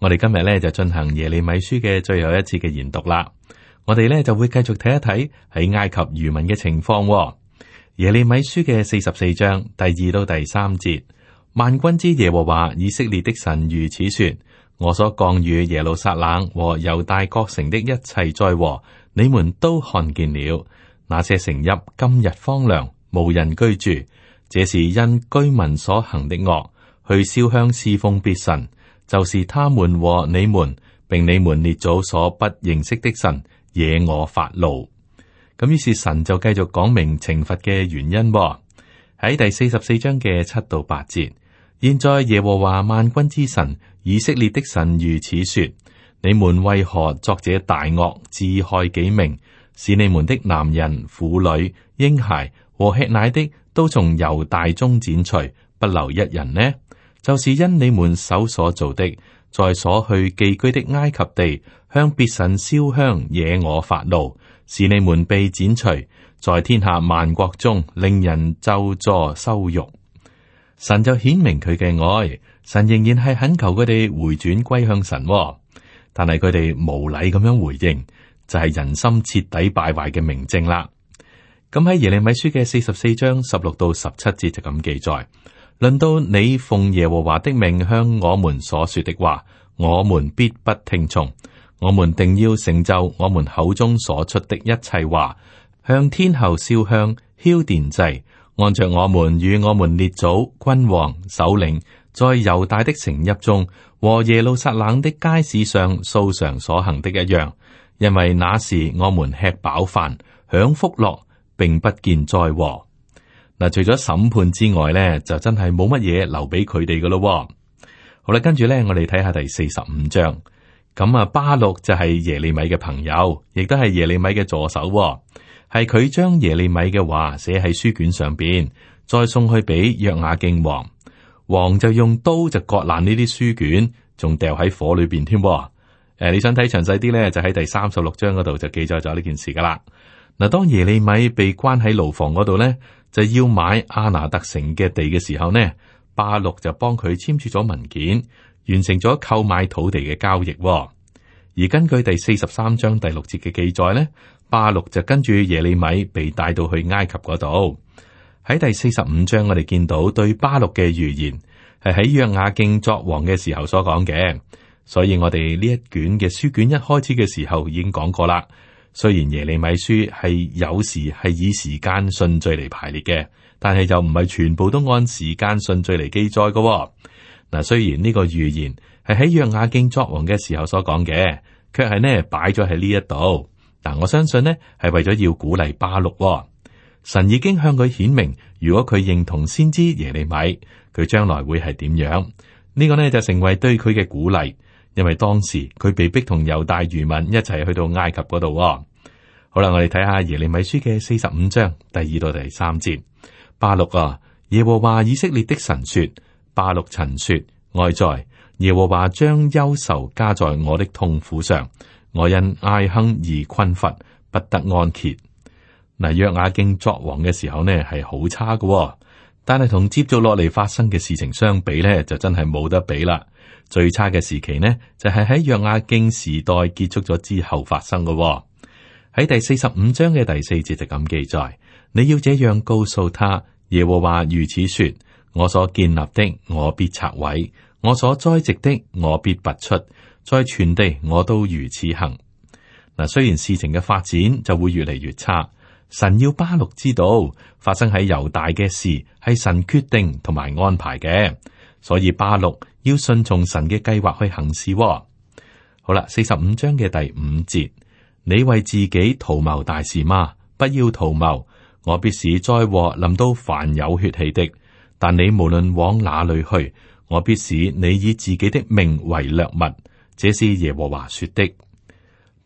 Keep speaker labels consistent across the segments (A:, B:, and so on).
A: 我哋今日咧就進行耶利米書嘅最後一次嘅研讀啦，我哋咧就會繼續睇一睇喺埃及漁民嘅情況，哦。耶利米書嘅四十四章第二到第三節，萬軍之耶和華以色列的神如此說：我所降與耶路撒冷和猶大各城的一切災禍，你們都看見了。那些城邑今日荒涼，無人居住，這是因居民所行的惡，去燒香侍奉別神。就是他們和你們，並你們列祖所不認識的神惹我發怒。咁於是神就繼續講明懲罰嘅原因喎。喺第四十四章嘅七到八節，現在耶和華萬軍之神以色列的神如此說：你們為何作這大惡，自害己命，使你們的男人、婦女、嬰孩和吃奶的都從猶大中剪除，不留一人呢？就是因你們手所做的，在所去寄居的埃及地，向別神燒香，惹我發怒，使你們被剪除，在天下萬國中令人咒詛羞辱。神就顯明佢嘅愛，神仍然係懇求佢哋回轉歸向神，啊，但係佢哋無禮咁樣回應，就係、是、人心徹底敗壞嘅明證啦。咁喺耶利米書嘅四十四章十六到十七節就咁記載。輪到你奉耶和華的命向我們所說的話，我們必不聽從。我們定要成就我們口中所出的一切話，向天后燒香、敲電祭，按着我們與我們列祖君王首領在猶大的城邑中和耶路撒冷的街市上素常所行的一樣，因為那時我們吃飽飯、享福樂，並不見災禍。嗱，除咗審判之外咧，就真係冇乜嘢留俾佢哋噶咯。好啦，跟住咧，我哋睇下第四十五章。咁啊，巴錄就係耶利米嘅朋友，亦都係耶利米嘅助手，係佢將耶利米嘅話寫喺書卷上邊，再送去俾約雅敬王。王就用刀就割爛呢啲書卷，仲掉喺火裏邊添。誒、呃，你想睇詳細啲咧，就喺第三十六章嗰度就記載咗呢件事噶啦。嗱，當耶利米被關喺牢房嗰度咧，就要買阿拿特城嘅地嘅時候呢，巴錄就幫佢簽署咗文件，完成咗購買土地嘅交易。而根據第四十三章第六節嘅記載呢，巴錄就跟住耶利米被帶到去埃及嗰度。喺第四十五章，我哋見到對巴錄嘅預言係喺約雅敬作王嘅時候所講嘅，所以我哋呢一卷嘅書卷一開始嘅時候已經講過啦。雖然耶利米書係有時係以時間順序嚟排列嘅，但係又唔係全部都按時間順序嚟記載嘅。嗱，雖然呢個預言係喺約雅敬作王嘅時候所講嘅，卻係咧擺咗喺呢一度。嗱，我相信呢係為咗要鼓勵巴錄、哦，神已經向佢顯明，如果佢認同先知耶利米，佢將來會係點樣？呢個呢就成為對佢嘅鼓勵。因為當時佢被逼同猶大漁民一齊去到埃及嗰度、哦。好啦，我哋睇下耶利米書嘅四十五章第二到第三節。巴錄啊，耶和華以色列的神說：巴錄曾說，哀哉耶和華將憂愁加在我的痛苦上，我因唉哼而困乏，不得安歇。嗱，約雅敬作王嘅時候呢，係好差嘅、哦，但係同接續落嚟發生嘅事情相比呢，就真係冇得比啦。最差嘅時期呢，就係喺約亞敬時代結束咗之後發生嘅、哦。喺第，第四十五章嘅第四節就咁記載：你要這樣告訴他，耶和華如此說：我所建立的，我必拆毀；我所栽植的，我必拔出。在全地，我都如此行。嗱，雖然事情嘅發展就會越嚟越差，神要巴錄知道，發生喺猶大嘅事係神決定同埋安排嘅，所以巴錄。要順從神嘅計劃去行事、哦。好啦，四十五章嘅第五節，你為自己圖謀大事嗎？不要圖謀，我必使災禍臨到凡有血氣的。但你無論往哪裏去，我必使你以自己的命為掠物。這是耶和華說的。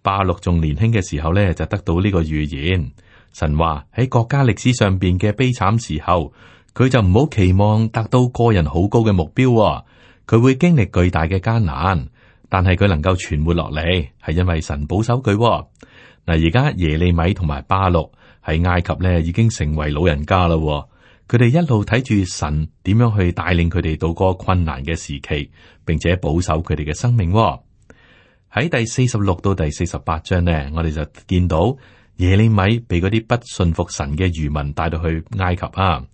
A: 巴錄仲年輕嘅時候呢，就得到呢個預言。神話喺國家歷史上邊嘅悲慘時候，佢就唔好期望達到個人好高嘅目標、哦。佢會經歷巨大嘅艱難，但係佢能夠存活落嚟，係因為神保守佢嗱。而家耶利米同埋巴錄喺埃及咧，已經成為老人家啦。佢哋一路睇住神點樣去帶領佢哋度過困難嘅時期，並且保守佢哋嘅生命。喺第四十六到第四十八章呢，我哋就見到耶利米被嗰啲不信服神嘅餘民帶到去埃及啊。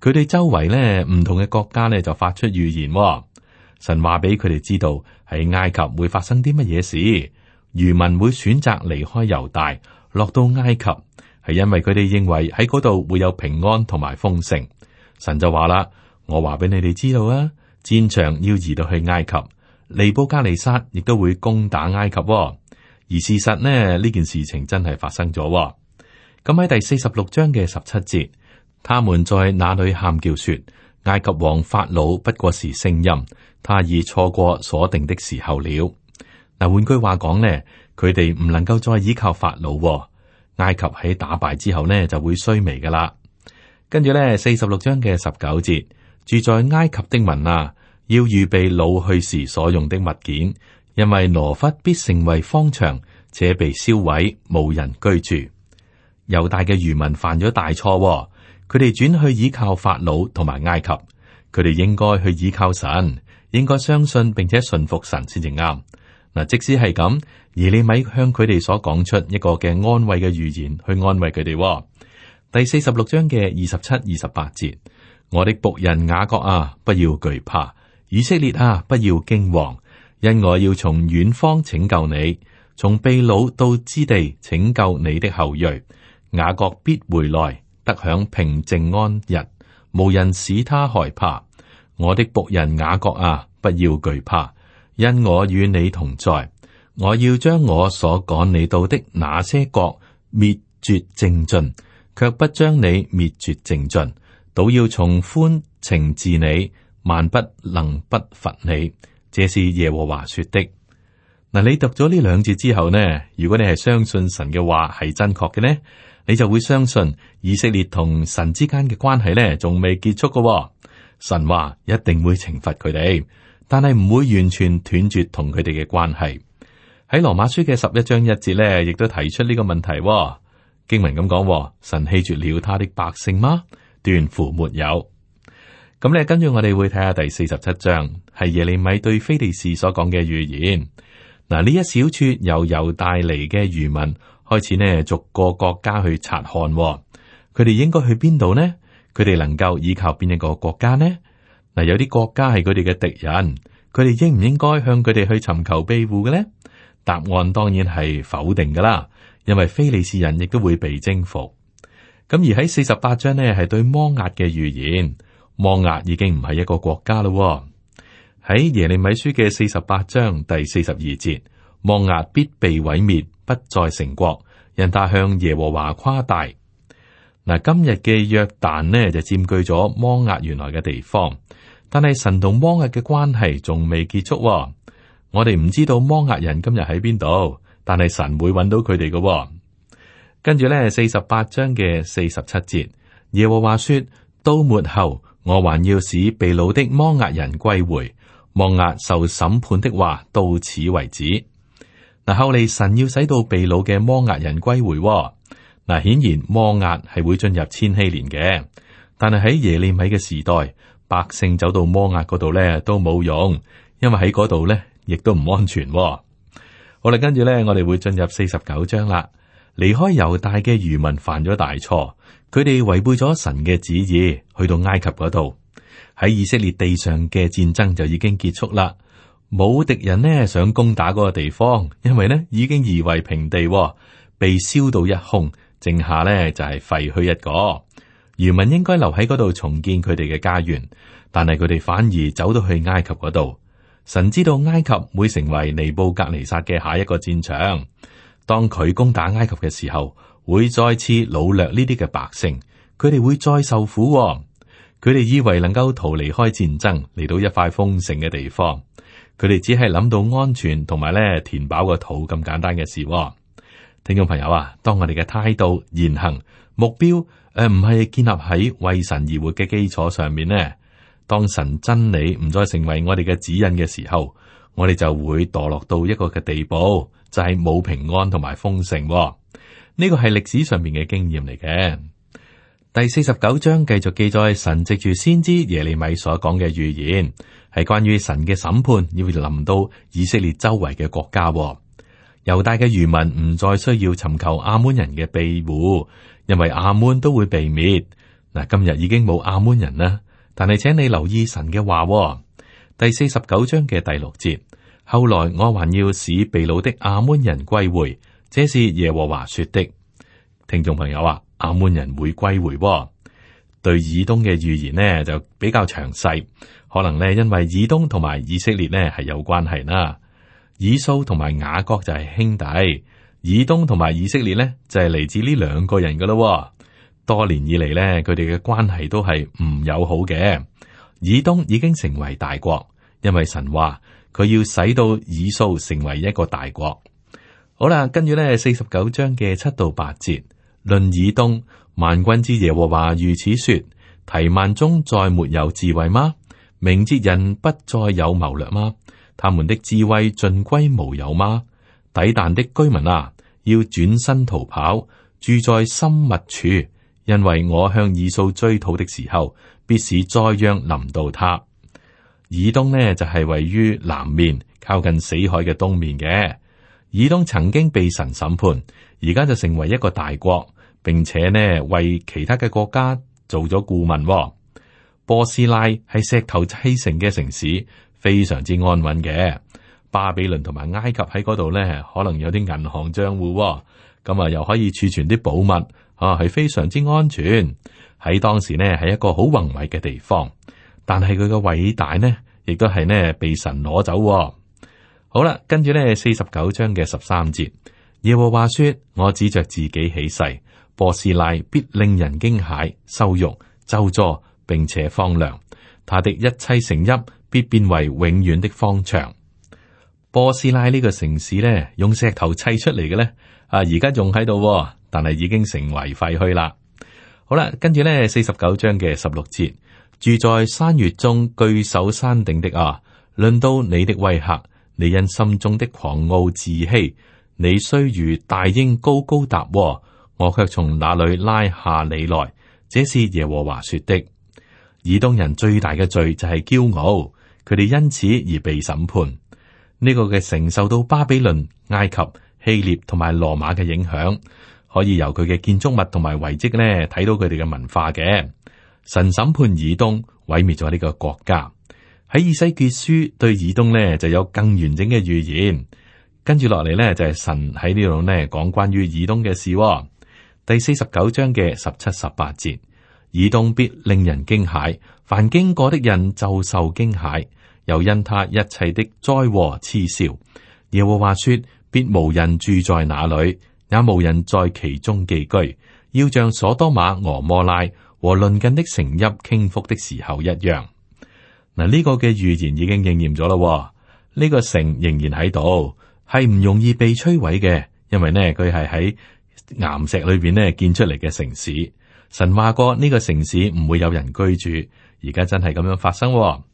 A: 佢哋周圍呢，唔同嘅國家呢，就發出預言。神話俾佢哋知道，喺埃及會發生啲乜嘢事，漁民會選擇離開猶大，落到埃及，係因為佢哋認為喺嗰度會有平安同埋豐盛。神就話啦：我話俾你哋知道啊，戰場要移到去埃及，尼布甲尼撒亦都會攻打埃及。而事實呢，呢件事情真係發生咗。咁喺第四十六章嘅十七節，他們在那裏喊叫說，埃及王法老不過是聲音，他已錯過所定的時候了。嗱，換句話講咧，佢哋唔能夠再依靠法老。埃及喺打敗之後咧就會衰微噶啦。跟住咧，四十六章嘅十九節，住在埃及的民啊，要預備擄去時所用的物件，因為挪弗必成為荒場，且被燒毀，無人居住。猶大嘅餘民犯咗大錯。佢哋轉去倚靠法老同埋埃及，佢哋應該去倚靠神，應該相信並且信服神先至啱。嗱，即使係咁，而你咪向佢哋所講出一個嘅安慰嘅語言，去安慰佢哋。第四十六章嘅二十七、二十八節：我的僕人雅各啊，不要懼怕，以色列啊，不要驚惶，因我要從遠方拯救你，從被擄到之地拯救你的後裔，雅各必回來。得享平靜安逸，無人使他害怕。我的僕人雅各啊，不要懼怕，因我與你同在。我要將我所趕你到的那些國滅絕淨盡，却不將你滅絕淨盡，倒要從寬懲治你，萬不能不罰你。這是耶和華說的。嗱、嗯，你讀咗呢兩節之後呢？如果你係相信神嘅話係真確嘅呢？你就會相信以色列同神之間嘅關係呢，仲未結束嘅，哦。神話一定會懲罰佢哋，但係唔會完全斷絕同佢哋嘅關係。喺羅馬書嘅十一章一節呢，亦都提出呢個問題，哦。經文咁講，神棄絕了他的百姓嗎？斷乎沒有。咁你跟住我哋會睇下第四十七章，係耶利米對非利士所講嘅預言。嗱，呢一小撮由猶大嚟嘅餘民。開始呢，逐個國家去察看，佢哋應該去邊度呢？佢哋能夠依靠邊一個國家呢？嗱，有啲國家係佢哋嘅敵人，佢哋應唔應該向佢哋去尋求庇護嘅呢？答案當然係否定噶啦，因為非利士人亦都會被征服。咁而喺四十八章呢，係對摩押嘅預言，摩押已經唔係一個國家咯。喺耶利米書嘅四十八章第四十二節。摩押必被毀滅，不再成國。人大向耶和華誇大嗱。今日嘅約旦呢，就佔據咗摩押原來嘅地方，但係神同摩押嘅關係仲未結束、哦。我哋唔知道摩押人今日喺邊度，但係神會揾到佢哋嘅。跟住咧，四十八章嘅四十七節，耶和華說：到末後，我還要使被擄的摩押人歸回。摩押受審判的話到此為止。嗱，後嚟神要使到被擄嘅摩押人歸回、哦。嗱，顯然摩押係會進入千禧年嘅，但係喺耶利米嘅時代，百姓走到摩押嗰度咧都冇用，因為喺嗰度咧亦都唔安全、哦。好啦，跟住咧我哋會進入四十九章啦。離開猶大嘅餘民犯咗大錯，佢哋違背咗神嘅旨意，去到埃及嗰度，喺以色列地上嘅戰爭就已經結束啦。冇敵人呢，想攻打嗰個地方，因為呢已經夷為平地，被燒到一空，剩下呢就係廢墟一個。遺民應該留喺嗰度重建佢哋嘅家園，但係佢哋反而走到去埃及嗰度。神知道埃及會成為尼布格尼薩嘅下一個戰場。當佢攻打埃及嘅時候，會再次擄掠呢啲嘅百姓，佢哋會再受苦。佢哋以為能夠逃離開戰爭嚟到一塊豐盛嘅地方。佢哋只係諗到安全同埋咧填飽個肚咁簡單嘅事，哦。聽眾朋友啊，當我哋嘅態度、言行、目標，誒唔係建立喺為神而活嘅基礎上面呢，當神真理唔再成為我哋嘅指引嘅時候，我哋就會墮落到一個嘅地步，就係冇平安同埋豐盛哦。呢個係歷史上面嘅經驗嚟嘅。第四十九章繼續記載神藉住先知耶利米所講嘅預言，係關於神嘅審判要臨到以色列周圍嘅國家。猶大嘅漁民唔再需要尋求阿門人嘅庇護，因為阿門都會被滅。嗱，今日已經冇阿門人啦。但係請你留意神嘅話，第四十九章嘅第六節，後來我還要使被擄的阿門人歸回，這是耶和華說的。聽眾朋友啊！亞捫人會歸回，對以東嘅預言呢，就比較詳細。可能呢，因為以東同埋以色列呢係有關係啦。以掃同埋雅各就係兄弟，以東同埋以色列呢就係嚟自呢兩個人噶咯。多年以嚟呢，佢哋嘅關係都係唔友好嘅。以東已經成為大國，因為神話佢要使到以掃成為一個大國。好啦，跟住呢，四十九章嘅七到八節。論以東，萬軍之耶和華如此說：提萬中再沒有智慧嗎？明哲人不再有謀略嗎？他們的智慧盡歸無有嗎？底但的居民啊，要轉身逃跑，住在深密處，因為我向以數追討的時候，必使災殃臨到他。以東呢就係、是、位於南面，靠近死海嘅東面嘅。以東曾經被神審判。而家就成為一個大國，並且呢為其他嘅國家做咗顧問。波斯拉喺石頭砌成嘅城市，非常之安穩嘅。巴比倫同埋埃及喺嗰度呢，可能有啲銀行賬戶，咁啊又可以儲存啲寶物，啊係非常之安全。喺當時呢，係一個好宏偉嘅地方，但係佢嘅偉大呢，亦都係呢被神攞走。好啦，跟住呢四十九章嘅十三節。耶和華說：我指着自己起誓，波斯拉必令人驚駭、羞辱、咒詛，並且荒涼。他的一切城邑必變為永遠的荒場。波斯拉呢個城市呢，用石頭砌出嚟嘅呢，啊，而家仲喺度，但係已經成為廢墟啦。好啦，跟住呢四十九章嘅十六節，住在山穴中，據守山頂的啊，論到你的威嚇，你因心中的狂傲自欺。你雖如大鷹高高搭，我卻從那裏拉下你來。這是耶和華說的。以東人最大嘅罪就係驕傲，佢哋因此而被審判。呢、這個嘅承受到巴比倫、埃及、希臘同埋羅馬嘅影響，可以由佢嘅建築物同埋遺跡咧睇到佢哋嘅文化嘅。神審判以東，毀滅咗呢個國家。喺以西結書對以東咧就有更完整嘅預言。跟住落嚟咧，就係神喺呢度咧講關於以東嘅事、哦。第四十九章嘅十七、十八節，以東必令人驚駭，凡經過的人就受驚駭，又因他一切的災禍恥笑。耶和華說，必無人住在那裏，也無人在其中寄居，要像所多瑪、俄、呃、摩拉和鄰近的城邑傾覆的時候一樣。嗱，呢個嘅預言已經應驗咗啦。呢、這個城仍然喺度。係唔容易被摧毀嘅，因為呢佢係喺岩石裏邊呢建出嚟嘅城市。神話過呢，這個城市唔會有人居住，而家真係咁樣發生哦。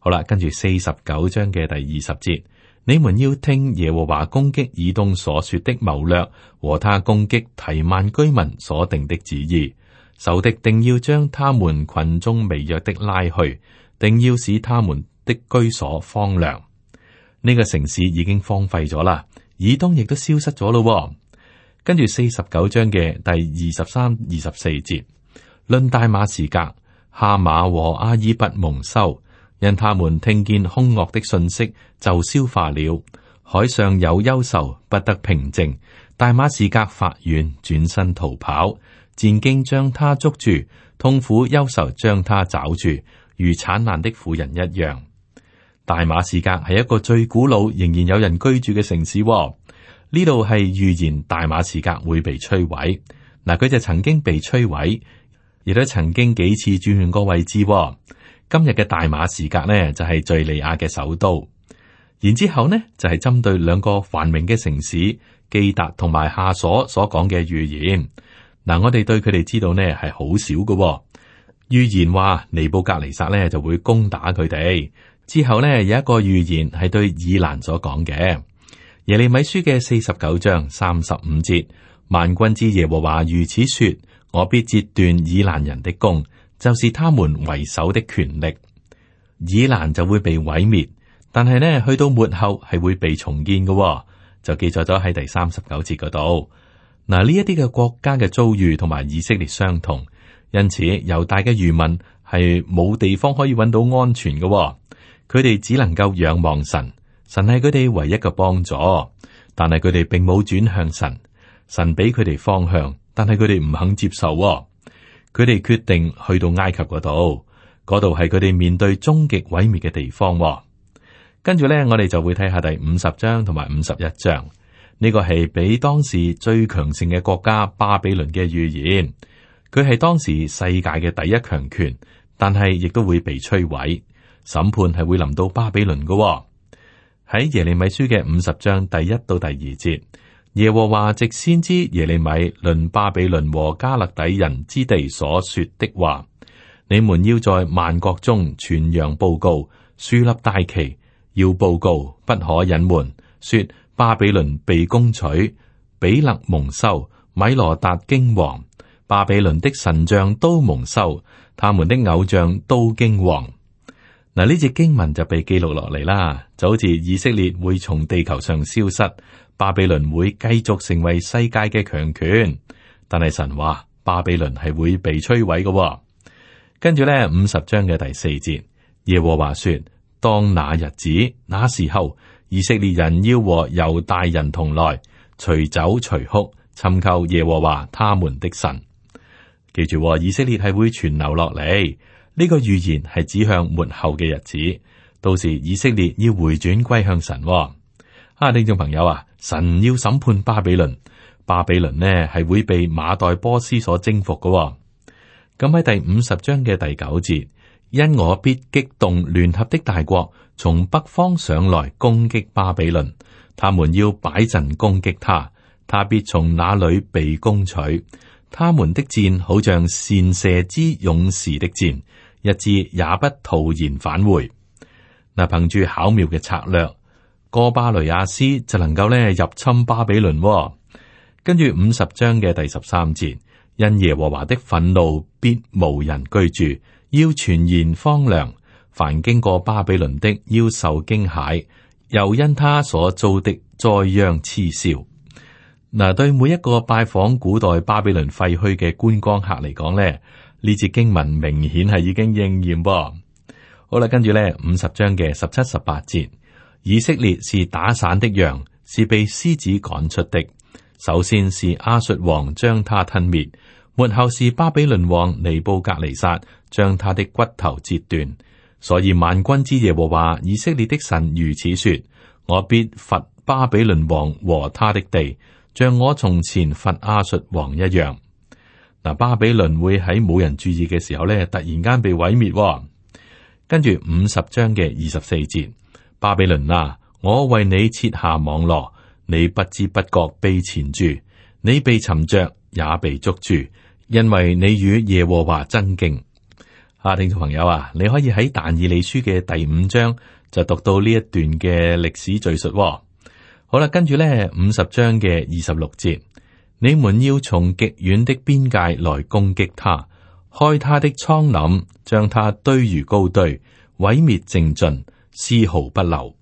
A: 好啦，跟住四十九章嘅第二十節，你們要聽耶和華攻擊以東所說的謀略，和他攻擊提曼居民所定的旨意。仇敵定要將他們群眾微弱的拉去，定要使他們的居所荒涼。呢個城市已經荒廢咗啦，以東亦都消失咗咯。跟住四十九章嘅第二十三、二十四節，論大馬士革、哈馬和亞珥拔蒙羞，因他們聽見凶惡的信息就消化了。海上有憂愁，不得平靜。大馬士革發軟轉身逃跑，戰兢將他捉住，痛苦憂愁將他抓住，如產難的婦人一樣。大馬士革係一個最古老仍然有人居住嘅城市、哦。呢度係預言大馬士革會被摧毀。嗱，佢就曾經被摧毀，亦都曾經幾次轉換個位置、哦。今日嘅大馬士革呢，就係敘利亞嘅首都。然之後咧，就係針對兩個繁榮嘅城市基達同埋夏瑣，所講嘅預言。嗱，我哋對佢哋知道呢係好少嘅。預言話尼布格尼撒呢就會攻打佢哋。之後呢，有一個預言係對以攔所講嘅耶利米書嘅四十九章三十五節。萬軍之耶和華如此說：我必截斷以攔人的弓，就是他們為首的權力。以攔就會被毀滅，但係呢，去到末後係會被重建嘅，哦。就記載咗喺第三十九節嗰度。嗱，呢一啲嘅國家嘅遭遇同埋以色列相同，因此猶大嘅餘民係冇地方可以搵到安全嘅，哦。佢哋只能夠仰望神，神係佢哋唯一嘅幫助，但係佢哋並冇轉向神。神俾佢哋方向，但係佢哋唔肯接受，哦。佢哋決定去到埃及嗰度，嗰度係佢哋面對終極毀滅嘅地方，哦。跟住咧，我哋就會睇下第五十章同埋五十一章。呢個係俾當時最強盛嘅國家巴比倫嘅預言。佢係當時世界嘅第一強權，但係亦都會被摧毀。審判係會臨到巴比倫嘅，喺、哦、耶利米書嘅五十章第一到第二節，耶和華直先知耶利米論巴比倫和加勒底人之地所說的話：你們要在萬國中傳揚報告，樹立大旗，要報告，不可隱瞞，說巴比倫被攻取，比勒蒙羞，米羅達驚王，巴比倫的神像都蒙羞，他們的偶像都驚王。嗱，呢隻經文就被記錄落嚟啦，就好似以色列會從地球上消失，巴比倫會繼續成為世界嘅強權，但係神話巴比倫係會被摧毀嘅哦。跟住咧，五十章嘅第四節，耶和華說：當那日子，那時候，以色列人要和猶大人同來，隨走隨哭，尋求耶和華他們的神。記住哦，以色列係會存留落嚟。呢個預言係指向末後嘅日子，到時以色列要回轉歸向神、哦。哈、啊，聽眾朋友啊，神要審判巴比倫，巴比倫呢係會被馬代波斯所征服噶、哦。咁、嗯、喺第五十章嘅第九節，因我必激動聯合的大國從北方上來攻擊巴比倫，他們要擺陣攻擊他，他必從那裏被攻取。他們的箭好像善射之勇士的箭。一字也不徒然返回。嗱，憑住巧妙嘅策略，哥巴雷亞斯就能夠咧入侵巴比倫、哦。跟住五十章嘅第十三節，因耶和華的憤怒必無人居住，要全然荒涼。凡經過巴比倫的，要受驚駭，又因他所做的災殃嗤笑。嗱、啊，對每一個拜訪古代巴比倫廢墟嘅觀光客嚟講咧。呢節經文明顯係已經應驗喎。好啦，跟住咧五十章嘅十七、十八節，以色列是打散的羊，是被獅子趕出的。首先是亞述王將他吞滅，末後是巴比倫王尼布甲尼撒將他的骨頭截斷。所以萬軍之耶和華以色列的神如此說：我必罰巴比倫王和他的地，像我從前罰亞述王一樣。嗱，巴比倫會喺冇人注意嘅時候咧，突然間被毀滅、哦。跟住五十章嘅二十四節，巴比倫啊，我為你設下網羅，你不知不覺被纏住，你被尋着也被捉住，因為你與耶和華爭競。啊，聽眾朋友啊，你可以喺但以理書嘅第五章就讀到呢一段嘅歷史敘述、哦。好啦，跟住咧五十章嘅二十六節。你們要從極遠的邊界來攻擊他，開他的倉廩，將他堆如高堆，毀滅淨盡，絲毫不留。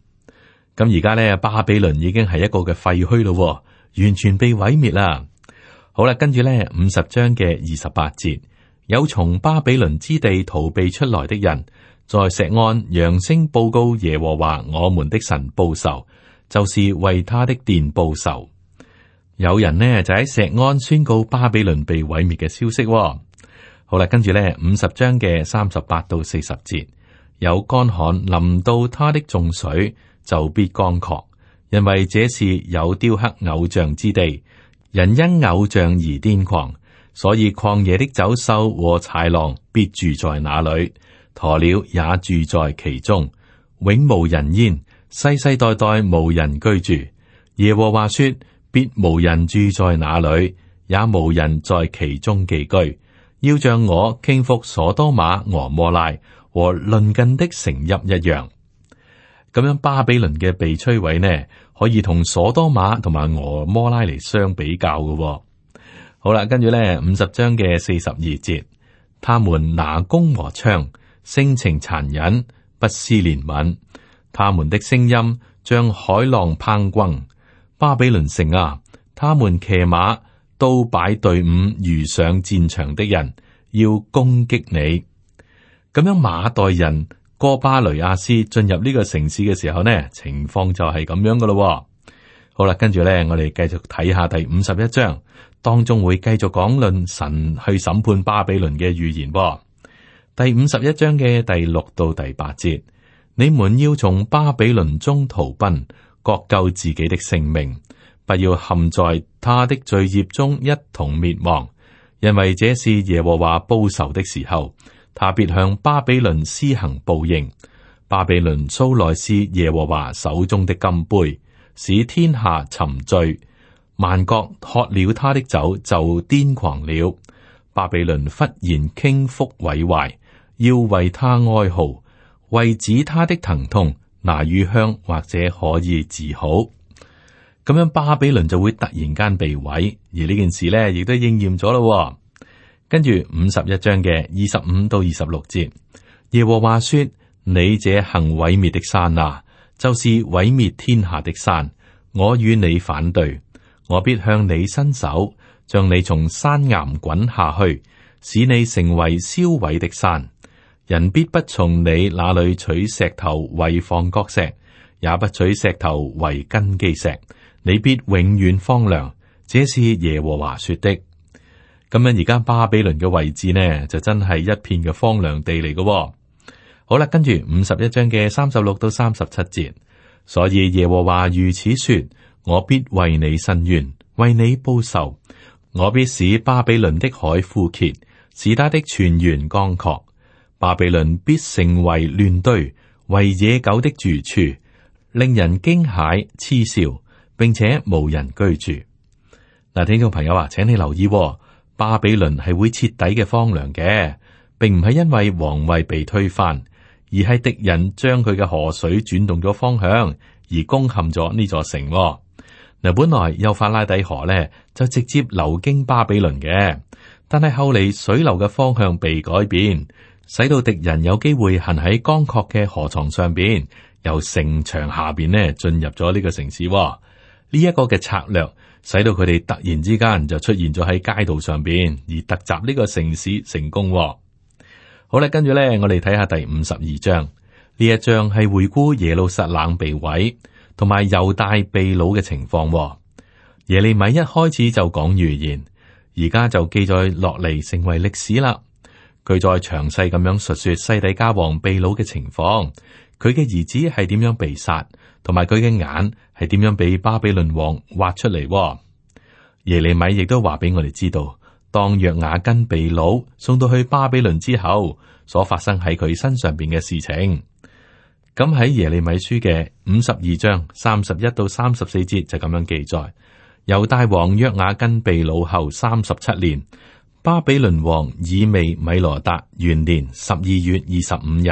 A: 咁而家呢，巴比倫已經係一個嘅廢墟咯，完全被毀滅啦。好啦，跟住呢，五十章嘅二十八節，有從巴比倫之地逃避出來的人，在石岸揚聲報告耶和華我們的神報仇，就是為他的殿報仇。有人呢就喺石安宣告巴比倫被毀滅嘅消息哦。好啦，跟住咧，五十章嘅三十八到四十節有乾旱臨到他的眾水，就必乾涸，因為這是有雕刻偶像之地。人因偶像而癲狂，所以曠野的走獸和豺狼必住在那裏，鴕鳥也住在其中，永無人煙，世世代代無人居住。耶和華說。必無人住在那裏，也無人在其中寄居，要像我傾覆索多瑪俄摩拉和鄰近的城邑一樣。咁樣巴比倫嘅被摧毀呢，可以同索多瑪同埋俄摩拉嚟相比較噶，哦。好啦，跟住咧，五十章嘅四十二節，他們拿弓和槍，性情殘忍，不施憐憫，他們的聲音將海浪抨轟。巴比倫城啊，他們騎馬都擺隊伍，如上戰場的人要攻擊你。咁樣馬代人哥巴雷亞斯進入呢個城市嘅時候呢，情況就係咁樣噶咯。好啦，跟住呢，我哋繼續睇下第五十一章，當中會繼續講論神去審判巴比倫嘅預言喎。第五十一章嘅第六到第八節，你們要從巴比倫中逃奔。各救自己的性命，不要陷在他的罪孽中一同滅亡，因為這是耶和華報仇的時候，他必向巴比倫施行報應。巴比倫素來是耶和華手中的金杯，使天下沉醉，萬國喝了他的酒就癲狂了。巴比倫忽然傾覆毀壞，要為他哀號，為止他的疼痛。拿乳香或者可以治好，咁樣巴比倫就會突然間被毀，而呢件事呢亦都應驗咗咯。跟住五十一章嘅二十五到二十六節，耶和華說：你這行毀滅的山啊，就是毀滅天下的山，我與你反對，我必向你伸手，將你從山岩滾下去，使你成為燒毀的山。人必不從你那裏取石頭為房角石，也不取石頭為根基石。你必永遠荒涼。這是耶和華說的。咁樣而家巴比倫嘅位置呢，就真係一片嘅荒涼地嚟㗎、哦。好啦，跟住五十一章嘅三十六到三十七節，所以耶和華如此說：我必為你伸冤，為你報仇，我必使巴比倫的海枯竭，使他的泉源乾涸。巴比倫必成為亂堆，為野狗的住處，令人驚駭、癡笑，並且無人居住。嗱，聽眾朋友啊，請你留意、哦，巴比倫係會徹底嘅荒涼嘅，並唔係因為皇位被推翻，而係敵人將佢嘅河水轉動咗方向，而攻陷咗呢座城、哦。嗱，本來有法拉底河咧就直接流經巴比倫嘅，但係後嚟水流嘅方向被改變。使到敵人有機會行喺乾涸嘅河床上邊，由城牆下邊咧進入咗呢個城市。呢一個嘅策略，使到佢哋突然之間就出現咗喺街道上邊，而突襲呢個城市成功。好啦，跟住咧，我哋睇下第五十二章。呢一章係回顧耶路撒冷被毀同埋猶大被擄嘅情況。耶利米一開始就講預言，而家就記載落嚟成為歷史啦。佢再詳細咁樣述說西底家王被擄嘅情況，佢嘅兒子係點樣被殺，同埋佢嘅眼係點樣被巴比倫王挖出嚟。耶利米亦都話俾我哋知道，當約雅斤被擄送到去巴比倫之後，所發生喺佢身上邊嘅事情。咁喺耶利米書嘅五十二章三十一到三十四節就咁樣記載，猶大王約雅斤被擄後三十七年。巴比倫王以未米羅達元年十二月二十五日，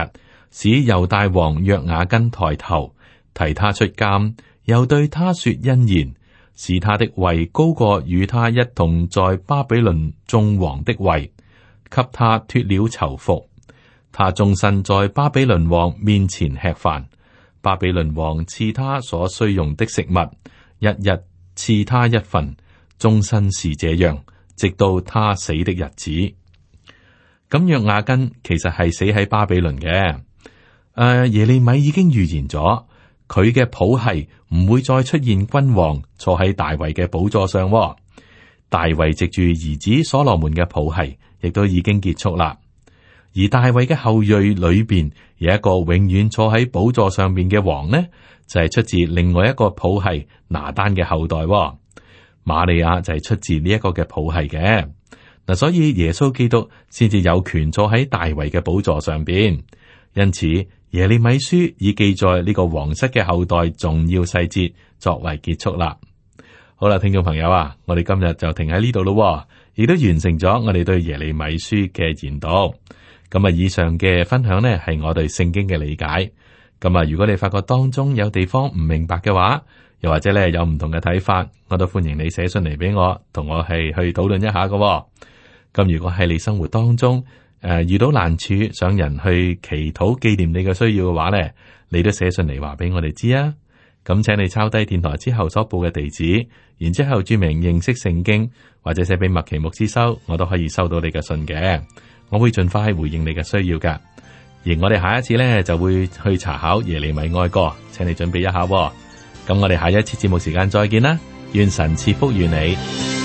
A: 使猶大王約雅斤抬頭，提他出監，又對他說恩言，使他的位高過與他一同在巴比倫眾王的位，給他脫了囚服，他終身在巴比倫王面前吃飯，巴比倫王賜他所需用的食物，日日賜他一份，終身是這樣。直到他死的日子，咁約雅斤其實係死喺巴比倫嘅。誒、啊，耶利米已經預言咗，佢嘅譜系唔會再出現君王坐喺大衛嘅寶座上，哦。大衛藉住兒子所羅門嘅譜系，亦都已經結束啦。而大衛嘅後裔裏邊有一個永遠坐喺寶座上面嘅王呢，就係、是、出自另外一個譜系拿單嘅後代，哦。瑪利亞就係出自呢一個嘅譜系嘅，嗱，所以耶穌基督先至有權坐喺大衛嘅寶座上邊，因此耶利米書已記載呢個皇室嘅後代重要細節作為結束啦。好啦，聽眾朋友啊，我哋今日就停喺呢度咯，亦都完成咗我哋對耶利米書嘅研讀。咁啊，以上嘅分享呢係我哋對聖經嘅理解。咁啊，如果你發覺當中有地方唔明白嘅話，又或者咧有唔同嘅睇法，我都歡迎你寫信嚟俾我，同我係去討論一下嘅。咁如果喺你生活當中誒遇到難處，想人去祈禱紀念你嘅需要嘅話咧，你都寫信嚟話俾我哋知啊。咁請你抄低電台之後所報嘅地址，然之後注明認識聖經，或者寫俾麥其牧師收，我都可以收到你嘅信嘅。我會盡快回應你嘅需要噶。而我哋下一次咧就會去查考耶利米哀歌，請你準備一下。咁我哋下一次節目時間再見啦，願神賜福於你。